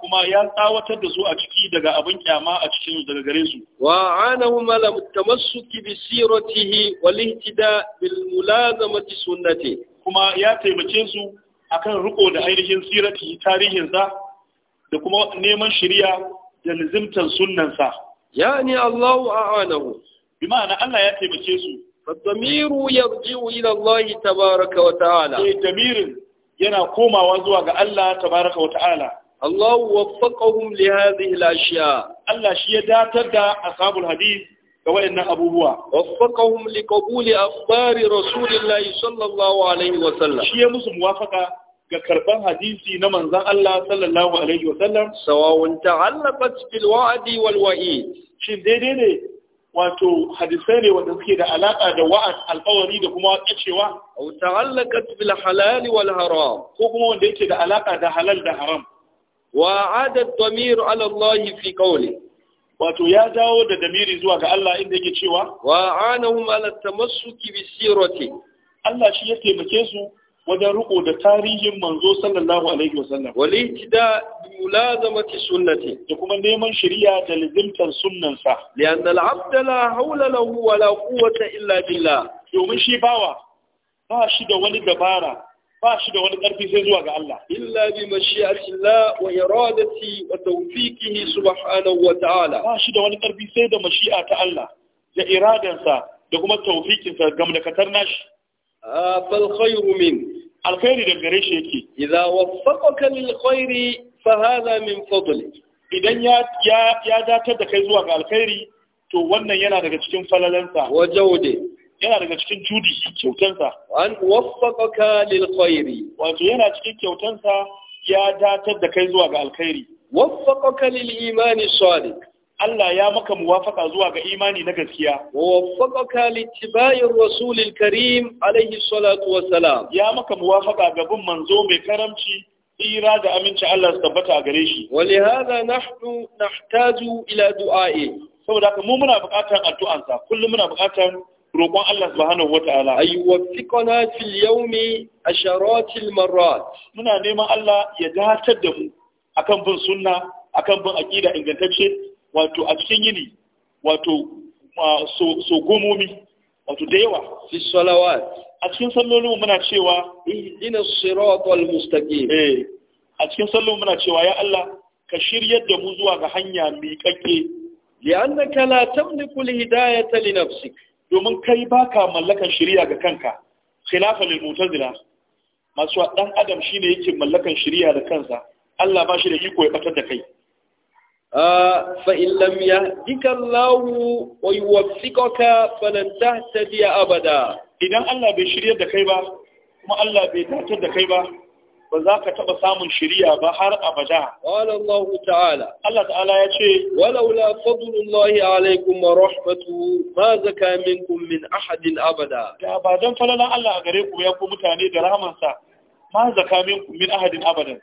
kuma ya tsawatar da su a ciki daga abin kyama a cikin daga gare su wa anahum ala mutamassuki bi siratihi wal ihtida bil mulazamati sunnati kuma ya taimake su akan riko da ainihin sirati tarihinsa da kuma neman shari'a da lazimtan sunnansa ni Allahu a'anahu bi Allah ya taimake su فالضمير يرجع إلى الله تبارك وتعالى إيه ضمير yana komawa zuwa ga Allah tabaraka wa ta'ala Allah waffaqahum li hadhihi al-ashya Allah shi ya datar da ashabul hadith ga wayannan abubuwa waffaqahum li qabuli akhbari rasulillahi sallallahu alaihi wa sallam shi ya musu muwafaqa ga karban hadisi na manzon Allah sallallahu alaihi wa sallam shin daidai ne wato hadisai ne wanda suke da alaƙa da wa'ad alƙawari da kuma kacewa aw ta'allaqat bil halal wal haram ko kuma wanda yake da alaka da halal da haram wa adat damir ala Allah fi qawli wato ya dawo da damiri zuwa ga Allah inda yake cewa wa anahum ala tamassuki bi sirati Allah shi ya taimake su wajen riko da tarihin manzo sallallahu alaihi wasallam wal ihtida bi mulazamati sunnati da kuma neman shari'a da lazimtar sunnansa lian al abda la hawla lahu wa la quwwata illa billah domin shi bawa ba shi da wani dabara ba shi da wani ƙarfi sai zuwa ga Allah illa bi mashi'atillah wa iradati wa tawfiqihi subhanahu wa ta'ala ba shi da wani ƙarfi sai da mashi'a ta Allah da iradansa da kuma tawfiqinsa gamdakatar nashi fal khairu min alkhairi da gare shi yake idza waffaqaka lil khairi fa hadha min fadli idan ya ya datar da kai zuwa ga alkhairi to wannan yana daga cikin falalansa wa jawde yana daga cikin judi kyautansa an waffaqaka lil khairi wato yana cikin kyautansa ya datar da kai zuwa ga alkhairi waffaqaka lil imani salih Allah ya maka muwafaka zuwa ga imani na gaskiya. Waffaqaka littibayin Rasulil Karim alaihi salatu wassalam. Ya maka muwafaka ga bin manzo mai karamci tsira da aminci Allah su tabbata a gare shi. Wali hada nahnu nahtaju ila du'a'i. Saboda haka mu muna buƙatar addu'ansa, kullum muna buƙatar roƙon Allah subhanahu wata'ala ay waffiqna fil yawmi asharatil marrat muna neman Allah ya datar da mu akan bin sunna akan bin aqida ingantacce wato a cikin yini wato so gomomi wato da yawa fi salawat a cikin sallolin muna cewa ihdina siratal mustaqim eh a cikin sallolin muna cewa ya Allah ka shiryar da mu zuwa ga hanya miƙaƙe li'annaka la tamliku alhidayata li nafsik domin kai baka mallakan shiriya ga kanka khilafa lil mutazila masu dan adam shine yake mallakan shiriya da kansa Allah ba shi da iko ya batar da kai فإن لم يهدك الله ويوفقك فلن تهتدي أبدا idan Allah bai shiryar da kai ba kuma Allah bai datar da kai ba ba za ka taɓa samun shiriya ba har abada. Wala ta'ala. Allah ta'ala ya ce, Walaula fadlullahi alaikum wa rahmatu ma zaka minkum min ahadin abada. Da don falalan Allah a gare ku ya mutane da rahamansa ma zaka min ahadin abadan.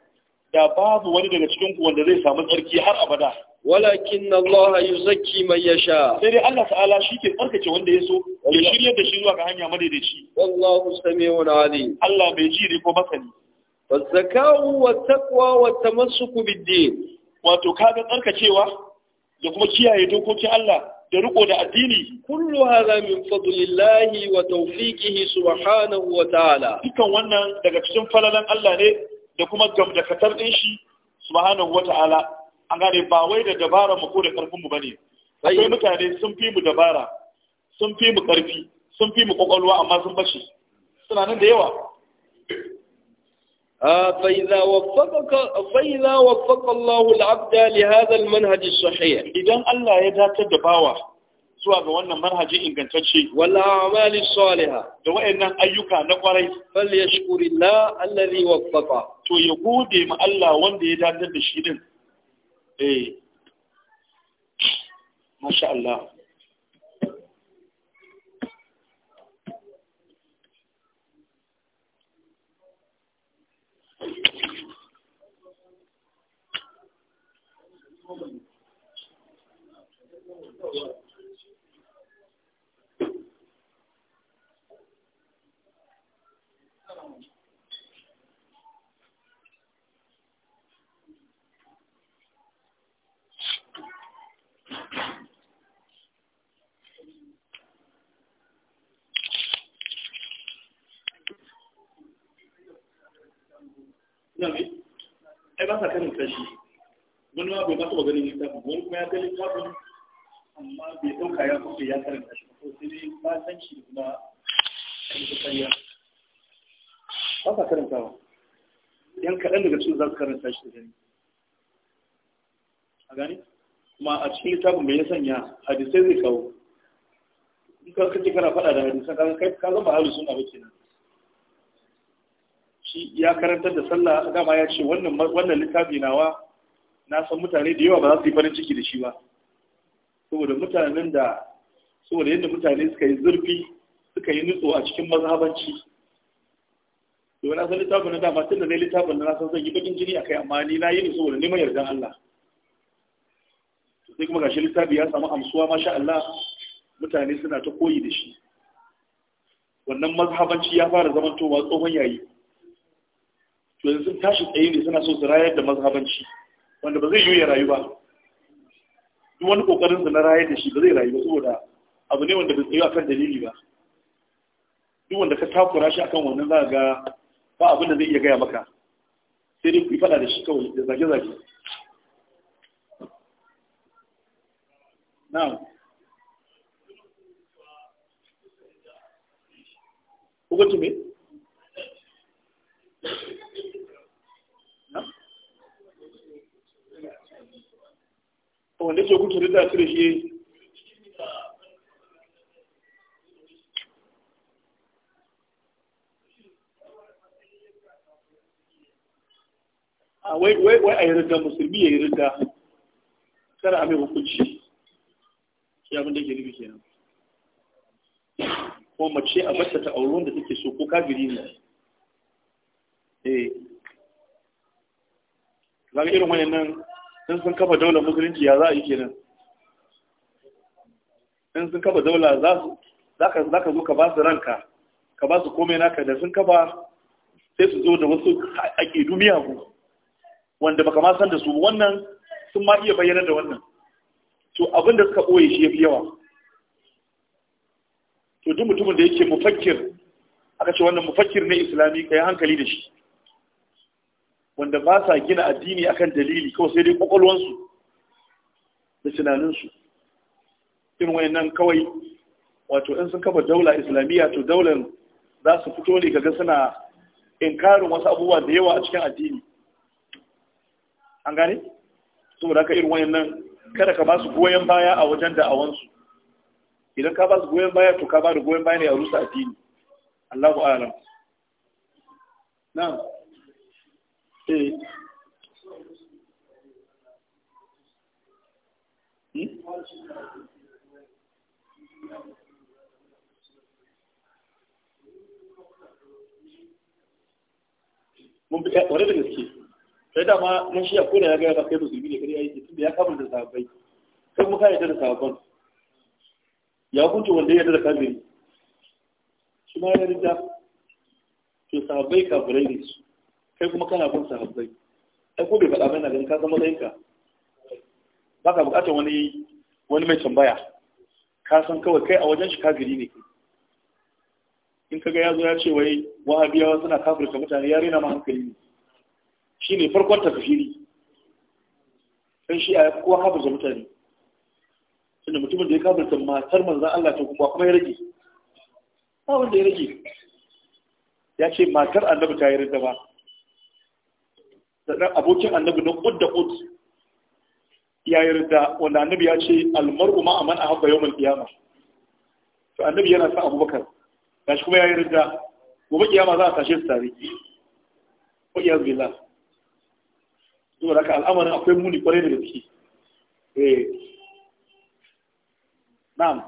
da babu wani daga cikin wanda zai samu tsarki har abada walakin Allah yuzakki mai yasha sai dai Allah ta'ala shi ke tsarkake wanda ya so ya shirya da shi zuwa ga hanya madaidaici wallahu sami'un alim Allah bai ji ne ko masani wazzakawu wattaqwa wattamassuku bid-din wato kaga tsarkacewa da kuma kiyaye dokokin Allah da riko da addini kullu hadha min fadlillahi wa tawfiqihi subhanahu wa ta'ala dukan wannan daga cikin falalan Allah ne da kuma gamdakatar din shi subhanahu wata'ala an gane ba wai da dabara mu ko da karfin mu bane akwai mutane sun fi mu dabara sun fi mu karfi sun fi mu kwakwalwa amma sun bace suna nan da yawa فإذا وفقك فإذا وفق الله العبد لهذا المنهج الصحيح إذا الله يدات دباوة zuwa ga wannan manhajin ingantacce wala amali salihah da wayannan ayyuka na kwarai fal yashkurillah to ya gode ma Allah wanda ya datar da shi din eh masha Allah suna mai ba taɓa kuma amma bai ɗauka ya kuke ya ba san shi ba yan kaɗan daga cikin za su karanta shi da gani a gani kuma a cikin littafin mai sanya hadisai zai kawo in ka kace kana faɗa da hadisan ka ka ba kenan shi ya karantar da sallah dama ya ce wannan wannan littafi nawa na san mutane da yawa ba za su yi farin ciki da shi ba saboda mutanen da saboda yadda mutane suka yi zurfi suka yi nutso a cikin mazhabanci to na san littafin na dama tun da zai littafin na san zan yi bakin jini akai amma ni na yi ne saboda neman yardan Allah sai kuma gashi littafi ya samu amsuwa masha Allah mutane suna ta koyi da shi wannan mazhabanci ya fara zamantowa tsohon yayi to yanzu tashi tsaye ne suna so su rayar da mazhabanci wanda ba zai yiwu ya rayu ba duk wani kokarin su na rayar da shi ba zai rayu ba saboda abu ne wanda bai tsayo akan dalili ba duk wanda ka takura shi akan wannan za ga ba abin da zai iya gaya maka sai dai ku yi fada da shi kawai da zage-zage na'am hukunci me wanda ke gudun su da shi a wai wai wai a yi rida musulmi ya yi rida kada a mai hukunci shi abin da ke ke nan ko mace a mace ta auron da take so ko kafiri ne eh zaga irin nan? in sun kafa daular musulunci ya za a yi kenan in sun kafa daular za ka zo ka ba su ranka ka ba su komai naka da sun kafa sai su zo da wasu duniya ku. wanda baka ma san da su wannan sun ma iya bayyana da wannan to abin da suka ɓoye shi ya fi yawa to duk mutumin da yake mufakir aka ce wannan mufakir ne islami ka yi hankali da shi wanda ba sa gina addini akan dalili kawai sai dai kwakwalwansu da tunaninsu irin wayannan kawai wato in sun kafa daula islamiyya to daular za su fito ne kaga suna inkarin wasu abubuwa da yawa a cikin addini an gane saboda haka irin wayannan kada ka ba su goyon baya a wajen da'awansu idan ka ba su goyon baya to ka ba da goyon baya ne a rusa addini Allahu a'lam na'am mun bi eh, wani da gaske sai da ma nan shi a da ya gaya ba kai musulmi ne kare aiki tunda ya kama da sabai kan muka yadda da sabon ya hukunta wanda ya yadda da kamiri shi ma ya rida to sahabbai kafirai ne su kai kuma kana bin sahabbai ai ko bai faɗa ba yana ganin ka zama zayinka ba ka buƙatar wani wani mai tambaya ka san kawai kai a wajen shi gari ne in kaga ya zo ya ce wai wahabiyawa suna kafirka mutane ya rena ma hankali ne shi ne farkon tafiri ɗan shi a kowa kafirta mutane tunda mutumin da ya kafirta matar manzan Allah ta kuma kuma ya rage ba wanda ya rage ya ce matar annabi ta yi rinda ba sannan abokin annabi na ƙud da ƙud ya yarda wanda annabi ya ce almar'u ma aman yau mai qiyama to annabi yana sa abubakar gashi kuma ya yarda gobe kiyama za a tashe su tare ko iya billah to da ka al'amarin akwai muni kwarai da gaske eh na'am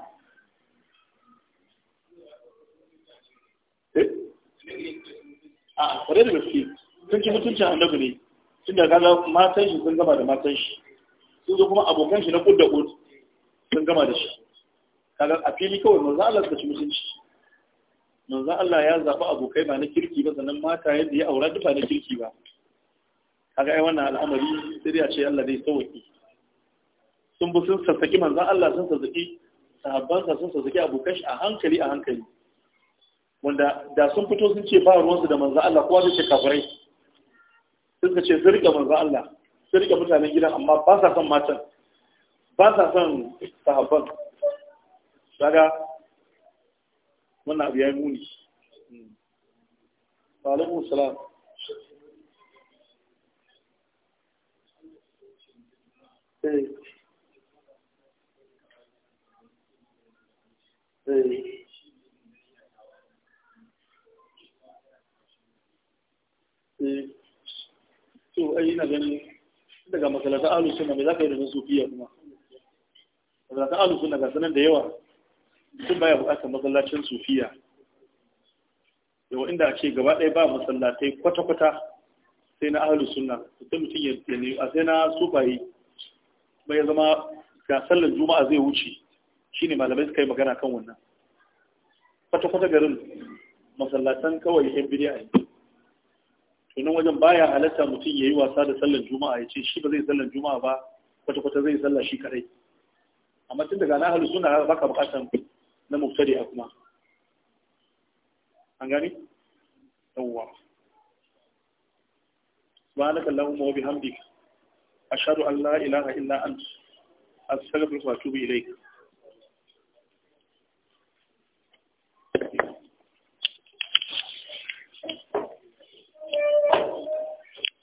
eh a kwarai da gaske sun ci mutuncin annabi ne tun da kaga matan shi sun gama da matan shi sun zo kuma abokan shi na da kud sun gama da shi kaga a fili kawai manzo Allah ta ci mutunci manzo Allah ya zaba abokai ba na kirki ba sannan mata yadda ya aura duka na kirki ba kaga ai wannan al'amari sai ya ce Allah zai sauki sun bu sun sassaki manzo Allah sun sassaki sahabbansa sun sassaki abokan shi a hankali a hankali wanda da sun fito sun ce ba ruwansu da manzo Allah kowa zai ce kafirai suka ce su rike Allah su mutanen gidan amma ba sa son matan ba sa son sahabban daga wannan abu ya yi muni salamu salam eh eh, eh. to ai ina ganin daga masalata alu sunna me zaka yi da sufiya kuma masalata alu sunna ga sanan da yawa sun baya bukatar masallacin sufiya yau inda a ce gaba ɗaya ba masallatai kwata-kwata sai na ahalu sunna ta mutum ya ne a sai na sufayi bai zama ga sallar juma'a zai wuce shine malamai suka yi magana kan wannan kwata-kwata garin masallatan kawai yan bidiya ne sunan wajen baya halatta mutum ya yi wasa da sallar juma'a ya ce shi ba zai sallar juma'a ba kwata-kwata zai sallar shi kadai amma tun daga nahalu suna baka bukatan na muftari a kuma an gani? yawwa subhanaka allahumma wa bihamdika ashhadu an la ilaha illa anta astaghfiruka wa atubu ilayk